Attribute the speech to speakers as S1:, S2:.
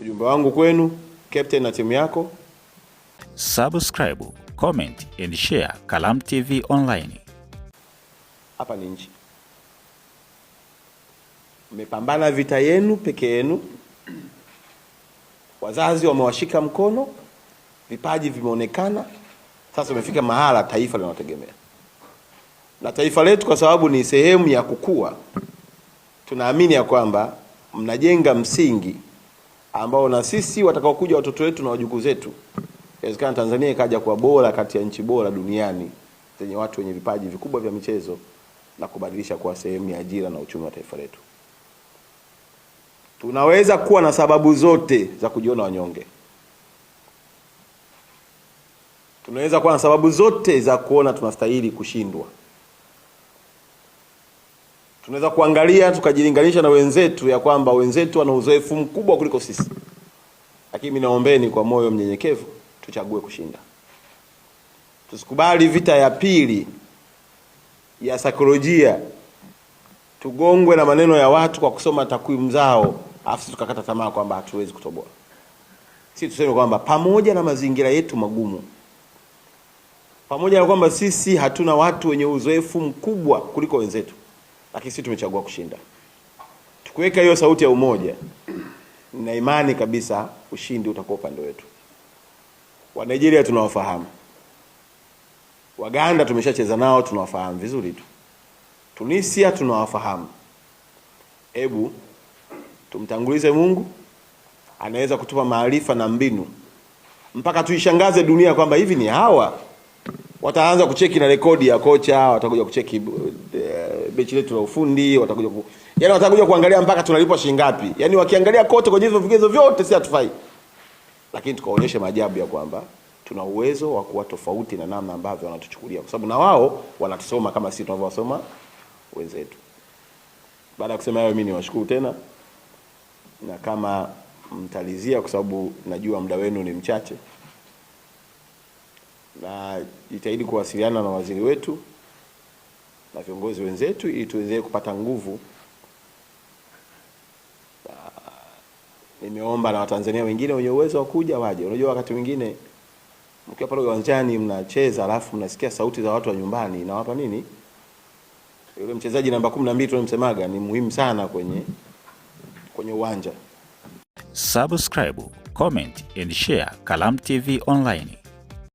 S1: Ujumbe wangu kwenu, captain na timu yako.
S2: Subscribe, comment and share Kalamu TV Online.
S1: Hapa ni nchi, mmepambana vita yenu peke yenu, wazazi wamewashika mkono, vipaji vimeonekana. Sasa umefika mahala taifa linawategemea na taifa letu, kwa sababu ni sehemu ya kukua, tunaamini ya kwamba mnajenga msingi ambao na sisi watakaokuja watoto wetu na wajukuu zetu, inawezekana Tanzania ikaja kuwa bora kati ya nchi bora duniani zenye watu wenye vipaji vikubwa vya michezo na kubadilisha kuwa sehemu ya ajira na uchumi wa taifa letu. Tunaweza kuwa na sababu zote za kujiona wanyonge, tunaweza kuwa na sababu zote za kuona tunastahili kushindwa tunaweza kuangalia tukajilinganisha na wenzetu ya kwamba wenzetu wana uzoefu mkubwa kuliko sisi, lakini mimi naombeni kwa moyo mnyenyekevu tuchague kushinda. Tusikubali vita ya pili ya saikolojia, tugongwe na maneno ya watu kwa kusoma takwimu zao, afu tukakata tamaa kwamba hatuwezi kutoboa. Sisi tuseme kwamba pamoja na mazingira yetu magumu, pamoja na kwamba sisi hatuna watu wenye uzoefu mkubwa kuliko wenzetu lakini sisi tumechagua kushinda. Tukiweka hiyo sauti ya umoja, na imani kabisa ushindi utakuwa upande wetu. Wa Nigeria tunawafahamu, Waganda tumeshacheza nao, tunawafahamu vizuri tu, Tunisia tunawafahamu. Hebu tumtangulize Mungu, anaweza kutupa maarifa na mbinu mpaka tuishangaze dunia kwamba hivi ni hawa wataanza kucheki na rekodi ya kocha, watakuja kucheki eh, bechi letu la ufundi, watakuja ku... yani watakuja kuangalia mpaka tunalipwa shilingi ngapi. Yani wakiangalia kote kwenye hizo vigezo vyote, si hatufai, lakini tukaonyesha maajabu ya kwamba tuna uwezo wa kuwa tofauti na namna ambavyo wanatuchukulia, kwa sababu na wao wanatusoma kama sisi tunavyowasoma wenzetu. Baada ya kusema hayo, mimi niwashukuru tena, na kama mtalizia, kwa sababu najua muda wenu ni mchache, na jitahidi kuwasiliana na waziri wetu na viongozi wenzetu ili tuweze kupata nguvu. Ah, nimeomba na Watanzania wengine wenye uwezo wa kuja waje. Unajua, wakati mwingine mkiwa pale uwanjani mnacheza, alafu mnasikia sauti za watu wa nyumbani, inawapa nini? Yule mchezaji namba 12 tunamsemaga ni muhimu sana kwenye kwenye uwanja. Subscribe, comment and share Kalamu TV Online.